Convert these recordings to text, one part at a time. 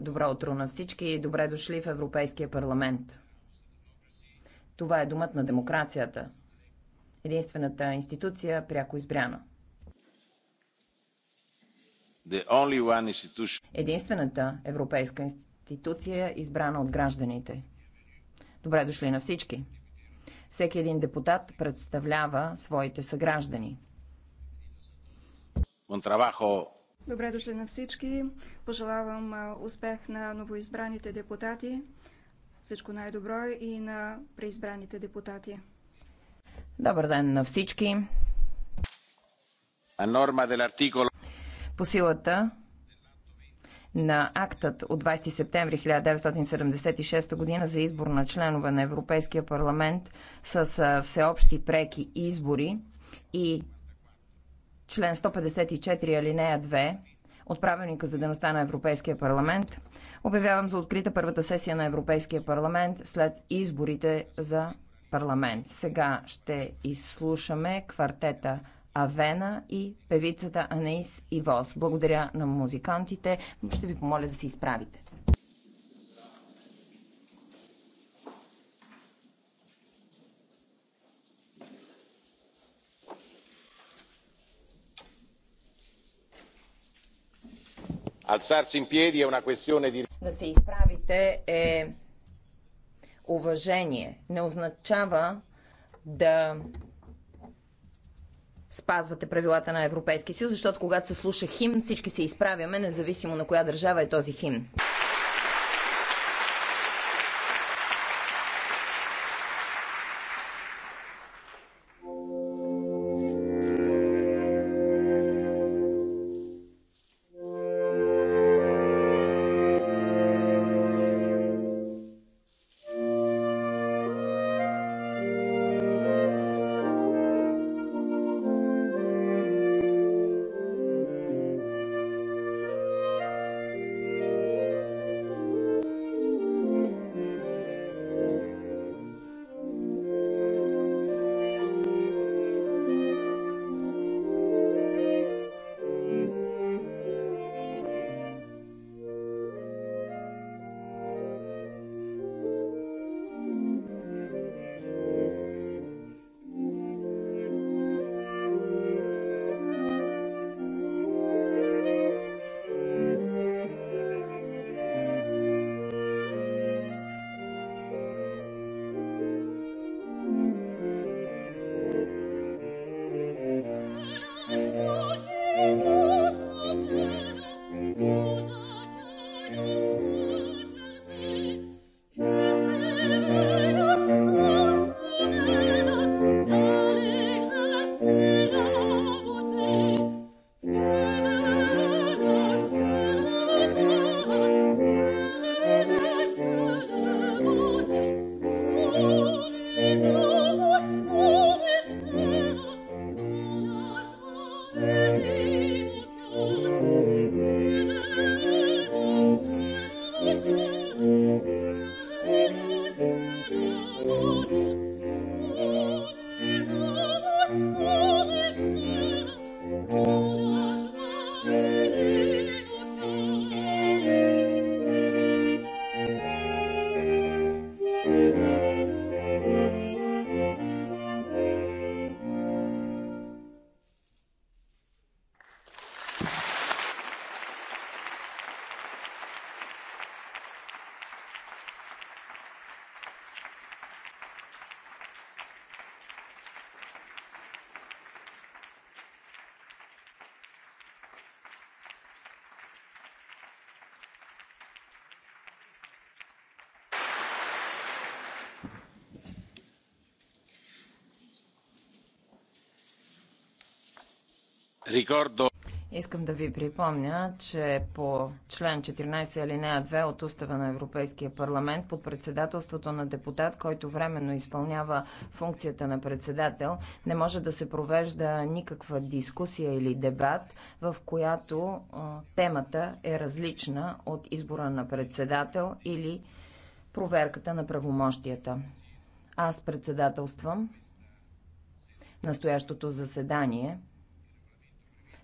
Добро утро на всички и добре дошли в Европейския парламент. Това е думът на демокрацията. Единствената институция пряко избрана. Единствената европейска институция избрана от гражданите. Добре дошли на всички. Всеки един депутат представлява своите съграждани. Un trabajo Добре дошли на всички. Пожелавам успех на новоизбраните депутати. Всичко най-добро и на преизбраните депутати. Добър ден на всички. По силата на актът от 20 септември 1976 година за избор на членове на Европейския парламент с всеобщи преки избори и член 154 алинея 2 от правилника за дейността на Европейския парламент, обявявам за открита първата сесия на Европейския парламент след изборите за парламент. Сега ще изслушаме квартета Авена и певицата Анаис Ивос. Благодаря на музикантите. Ще ви помоля да се изправите. Да се изправите е уважение. Не означава да спазвате правилата на Европейския съюз, защото когато се слуша химн, всички се изправяме, независимо на коя държава е този химн. Рикордо. Искам да ви припомня, че по член 14 алинея 2 от Устава на Европейския парламент под председателството на депутат, който временно изпълнява функцията на председател, не може да се провежда никаква дискусия или дебат, в която темата е различна от избора на председател или проверката на правомощията. Аз председателствам настоящото заседание –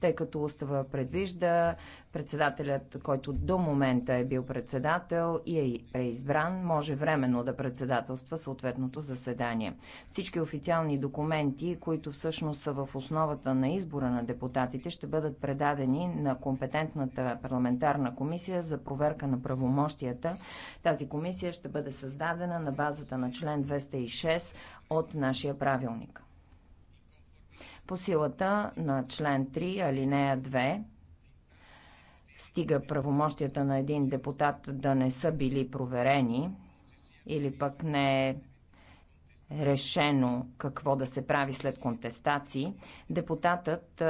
тъй като устава предвижда председателят, който до момента е бил председател и е преизбран, може временно да председателства съответното заседание. Всички официални документи, които всъщност са в основата на избора на депутатите, ще бъдат предадени на компетентната парламентарна комисия за проверка на правомощията. Тази комисия ще бъде създадена на базата на член 206 от нашия правилник по силата на член 3, алинея 2 стига правомощията на един депутат да не са били проверени или пък не е решено какво да се прави след контестации, депутатът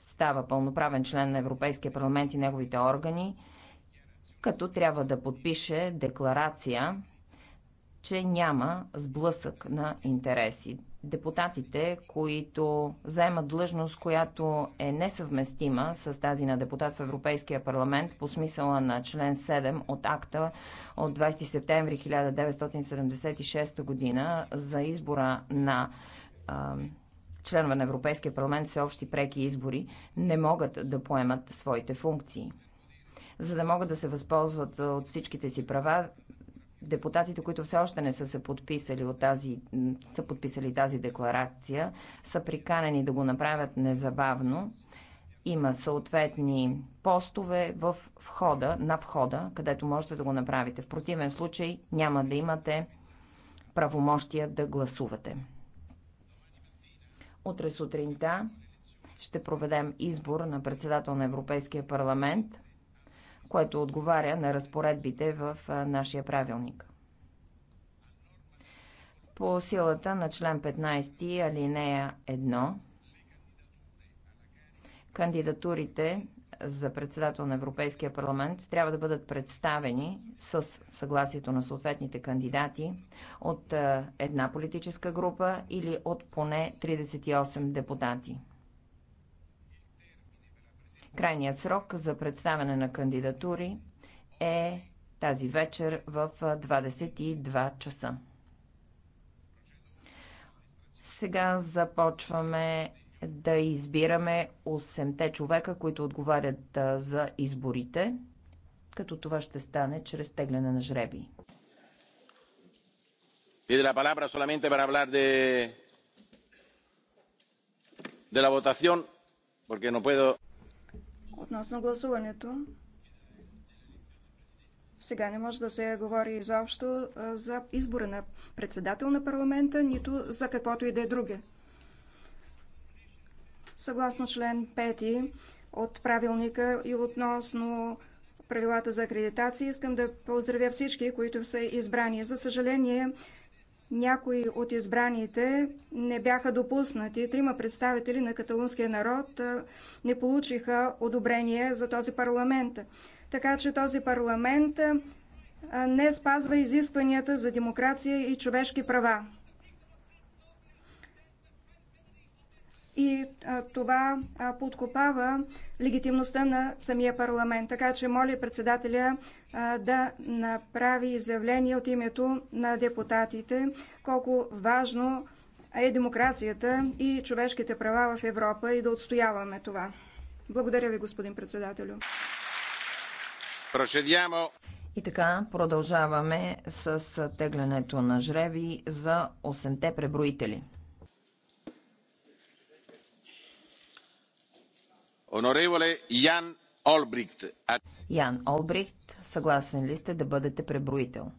става пълноправен член на Европейския парламент и неговите органи, като трябва да подпише декларация, че няма сблъсък на интереси депутатите, които заемат длъжност, която е несъвместима с тази на депутат в Европейския парламент по смисъла на член 7 от акта от 20 септември 1976 година за избора на а, членове на Европейския парламент се общи преки избори, не могат да поемат своите функции. За да могат да се възползват от всичките си права, депутатите, които все още не са се подписали, от тази, са подписали тази декларация, са приканени да го направят незабавно. Има съответни постове в входа, на входа, където можете да го направите. В противен случай няма да имате правомощия да гласувате. Утре сутринта ще проведем избор на председател на Европейския парламент – което отговаря на разпоредбите в нашия правилник. По силата на член 15, алинея 1, кандидатурите за председател на Европейския парламент трябва да бъдат представени с съгласието на съответните кандидати от една политическа група или от поне 38 депутати. Крайният срок за представяне на кандидатури е тази вечер в 22 часа. Сега започваме да избираме 8-те човека, които отговарят за изборите, като това ще стане чрез тегляне на жреби. Pide la palabra solamente para hablar de, de la votación, porque no puedo относно гласуването. Сега не може да се говори изобщо за избора на председател на парламента, нито за каквото и да е друге. Съгласно член 5 от правилника и относно правилата за акредитация, искам да поздравя всички, които са избрани. За съжаление, някои от избраните не бяха допуснати. Трима представители на каталунския народ не получиха одобрение за този парламент. Така че този парламент не спазва изискванията за демокрация и човешки права. и това подкопава легитимността на самия парламент. Така че моля председателя да направи изявление от името на депутатите колко важно е демокрацията и човешките права в Европа и да отстояваме това. Благодаря ви, господин председателю. Прошедямо. И така продължаваме с теглянето на жреви за 8-те преброители. Ян Олбрихт. съгласен ли сте да бъдете преброител?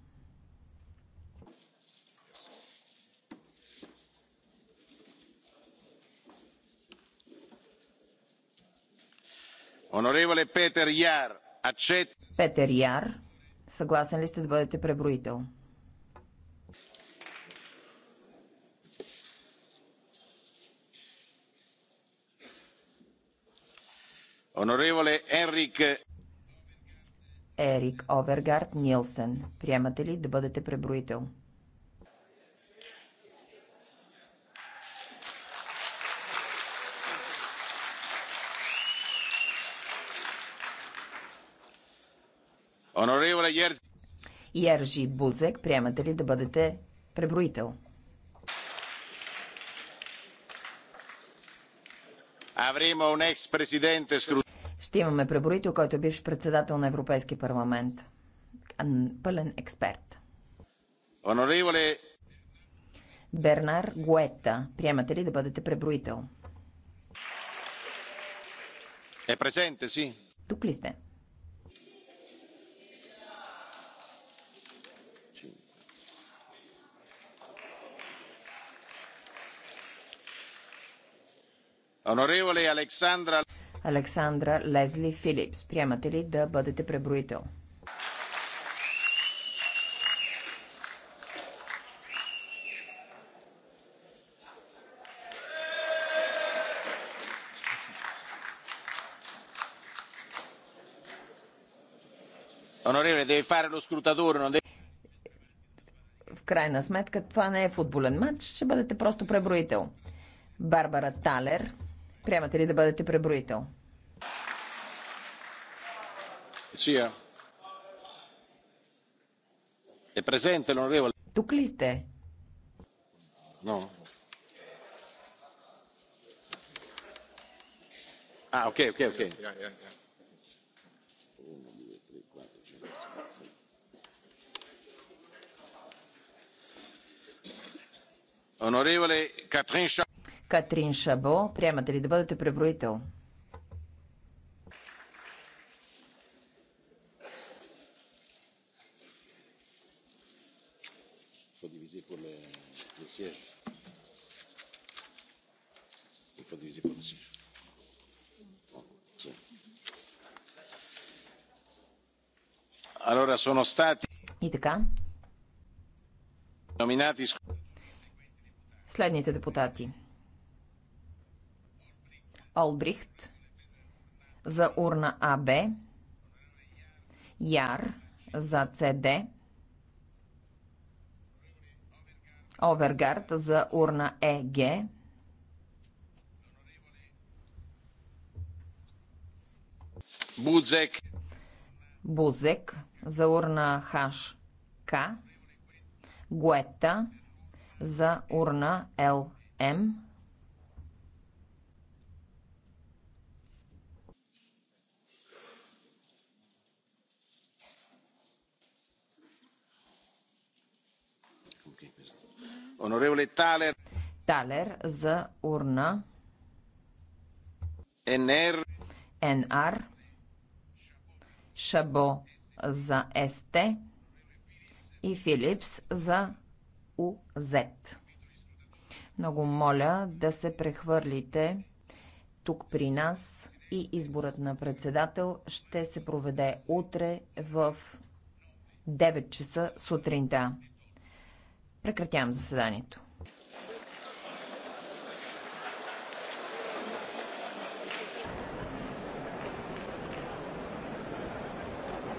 Онореволе Петър Яр. Петър Яр, съгласен ли сте да бъдете преброител? Оноревале Енрик Ерик Овергард Нилсен. Приемате ли да бъдете преброител? Ержи Бузек, приемате ли да бъдете преброител? Avremo un ex presidente ще имаме преброител, който е бивш председател на Европейски парламент. Пълен експерт. Honorable... Бернар Гуета, приемате ли да бъдете преброител? Е презенте, си. Тук ли сте? Honorable Александра... Александра Лезли Филипс. Приемате ли да бъдете преброител? В крайна сметка това не е футболен матч, ще бъдете просто преброител. Барбара Талер Приемате ли да бъдете преброител? Е презенте, eh. Тук ли сте? No. А, окей, окей, окей. Yeah, Onorevole Catherine Char Катрин Шабо. Приемате ли да бъдете преброител? И така. Следните депутати. Олбрихт, за урна АБ, Яр, за CD, Овергард, за урна ЕГ, Бузек. Бузек, за урна ХК, Гуета, за урна ЛМ, Талер за урна. НР. НР. Шабо за СТ. И Филипс за УЗ. Много моля да се прехвърлите тук при нас и изборът на председател ще се проведе утре в 9 часа сутринта. Прекратявам заседанието.